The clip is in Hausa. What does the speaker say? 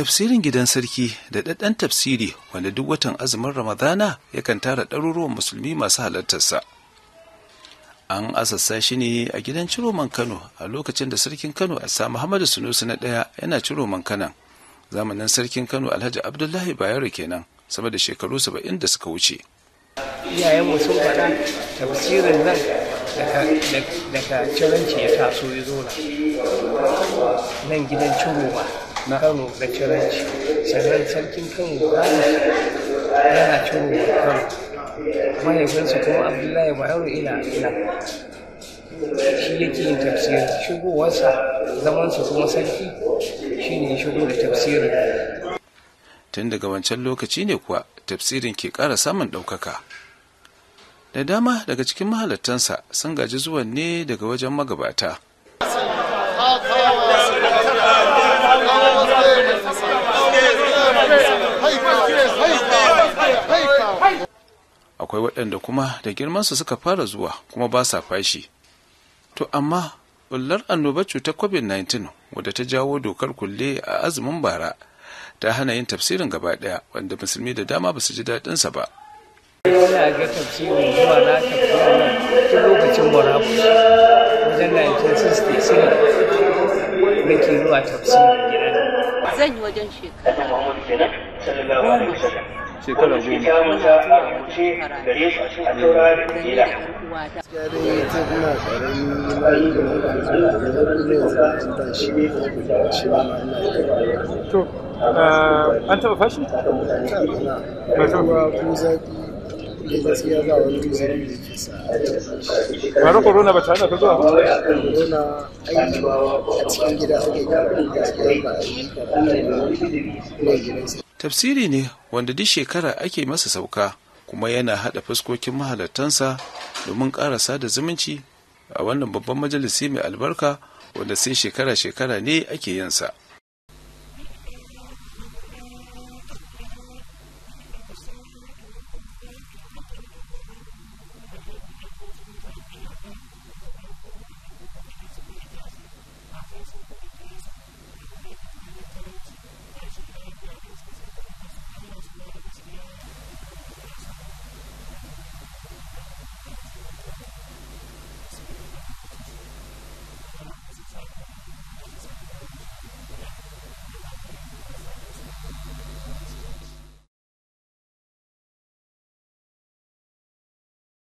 tafsirin gidan sarki da ɗaɗɗan tafsiri wanda duk watan azumin ramadana yakan tara ɗaruruwan musulmi masu halartarsa an asassa shi ne a gidan ciroman kano a lokacin da sarkin kano a sa muhammadu sunusu na ɗaya yana ciroman kanan zamanin sarkin kano alhaji abdullahi bayero kenan sama da shekaru saba'in da suka wuce iyayenmu sun faɗa tafsirin nan daga ciranci ya taso ya zo nan gidan ciroma na kano da kiranci sannan sarkin kano ne yana ciro wa kano mahaifinsa kuma abdullahi bayero ila ila shi yake yin tafsirin, shigowarsa zamansa kuma sarki shi ne shigo da tafsirin tun daga wancan lokaci ne kuwa tafsirin ke ƙara samun ɗaukaka da dama daga cikin mahalattansa sun gaji zuwan ne daga wajen magabata akwai waɗanda kuma da girmansu suka fara zuwa kuma ba sa fashi to amma ɓullar annobar cutar covid-19 wadda ta jawo dokar kulle a azumin bara ta hana yin tafsirin gaba ɗaya wanda musulmi da dama ba su ji daɗinsa ba zan yi wajen shekara shekara goma to an taɓa fashi? ne ba ta tafsiri ne wanda duk shekara ake masa sauka kuma yana haɗa fuskokin mahalartansa domin ƙara da zumunci a wannan babban majalisi mai albarka wanda sai shekara-shekara ne ake yinsa.